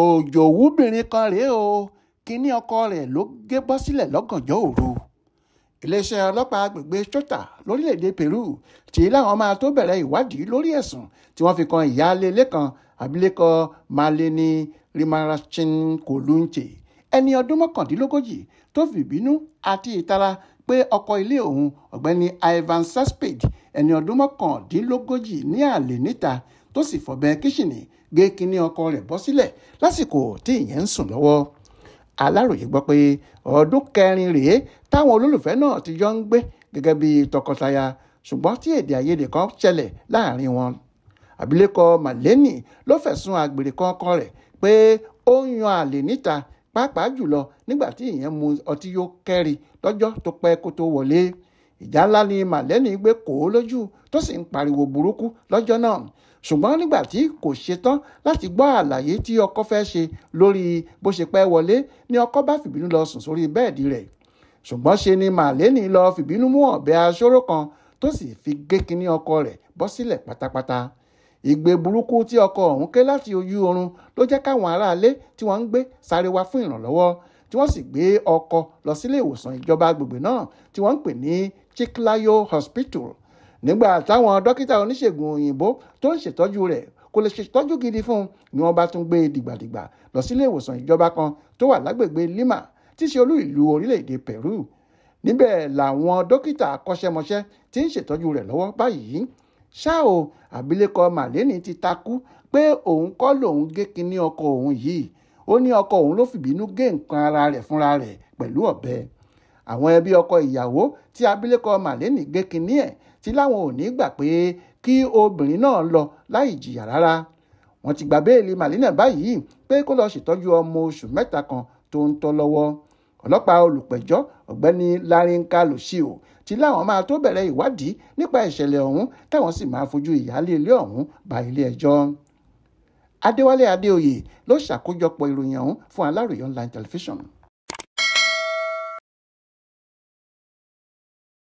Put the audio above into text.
òjòwúbìnrin kan rèé o kínní ọkọ rẹ̀ ló gé bọ́ sílẹ̀ lọ́gànjọ́ òru iléeṣẹ́ ọlọ́pàá agbègbè chota lórílẹ̀‐èdè Peru tí láwọn máa tó bẹ̀rẹ̀ ìwádìí lórí ẹ̀sùn tí wọ́n fi kan ìyáálélé kan abilékọ Maleni Rimarachin Kolunche ẹni ọdún mọ́kàndínlógójì tó fìbínú àti ìtara pé ọkọ ilé òun ọ̀gbẹ́ni Ivan Cesspade ẹni ọdún mọ́kàndínlógójì ní àlè níta tó sì fọ̀bẹ kíṣìnì gé kínní ọkọ rẹ̀ bọ́ sílẹ̀ lásìkò tí ìyẹn ń sùn lọ́wọ́ aláròye gbọ́ pé ọdún kẹrin rèé táwọn olólùfẹ́ náà ti jọ ń gbé gẹ́gẹ́ bí tọkọtaya ṣùgbọ́n tí èdè àìyedè kan ṣẹlẹ̀ láàrin wọn abilékọ maleni ló fẹ̀sùn àgbèrè kan ọkọ rẹ̀ pé ó ń yan àlè níta pàápàá jùlọ nígbà tí ìyẹn mu ọtí yó kẹ́rì lọ́jọ́ tó pẹ́ kó tó wọlé ìjà ńlá ni màlẹ́ni gbé kò ó lójú tó sì ń pariwo burúkú lọ́jọ́ náà ṣùgbọ́n nígbà tí kò ṣetán láti gbọ́ àlàyé tí ọkọ fẹ́ ṣe lórí bó ṣe pẹ́ wọlé ni ọkọ bá fìbínú lọ sùn sórí bẹ́ẹ̀dì rẹ̀ ṣùgbọ́n ṣe ni màlẹ́ni lọ fìbínú mú ọ̀bẹ aṣọ́rò kan tó sì fi gé kinní ọkọ rẹ̀ bọ́ sílẹ̀ pátápátá ìgbé burúkú tí ọkọ ọ̀hún ké láti ojú oorun ló jẹ́ káwọn aráalé tí wọ́n ń gbé sáré wá fún ìrànlọ́wọ́ tí wọ́n sì gbé ọkọ lọ sílé ìwòsàn ìjọba agbègbè náà tí wọ́n ń pè ní Chiclayo Hospital nígbà táwọn dókítà oníṣègùn òyìnbó tó ń ṣètọ́jú rẹ̀ kò lè ṣètọ́jú gidi fún un ni wọ́n bá tún gbé e dìgbàdìgbà lọ sílé ìwòsàn ìjọba kan tó wà lágbègbè Lima tí í ṣe olú ìlú orílẹ̀-èdè Peru níbẹ̀ làwọn dókítà akọ́ṣẹ́mọṣẹ́ tí ń ṣètọ́jú rẹ̀ lọ́wọ́ báyìí ṣá o àbílẹ̀kọ ti takú pé òun kọ́ lòun gé kinní ọkọ òun yìí ó ní ọkọ òun ló fìbínú gé nǹkan ara rẹ̀ fúnra rẹ̀ pẹ̀lú ọ̀bẹ àwọn ẹbí ọkọ ìyàwó tí abilékọ màlẹ́nì gé kinní ẹ̀ tí láwọn ò ní gbà pé kí obìnrin náà lọ láì jìyà rárá wọ́n ti gba béèlì màlẹ́nà báyìí pé kó lọ ṣètọ́jú ọmọ oṣù mẹ́ta kan tó ń tọ́ lọ́wọ́ ọlọ́pàá olùpẹ̀jọ́ ọ̀gbẹ́ni larinka lòṣìó tí láwọn máa tó bẹ̀rẹ̀ ìwádìí nípa ìṣẹ̀lẹ̀ ọ̀hún táwọn sì máa fojú ìyáálé ilé ọ̀hún ba ilé E adéwálé adéoyè ló ṣàkójọpọ̀ ìròyìn ọ̀hún fún aláròyé online television.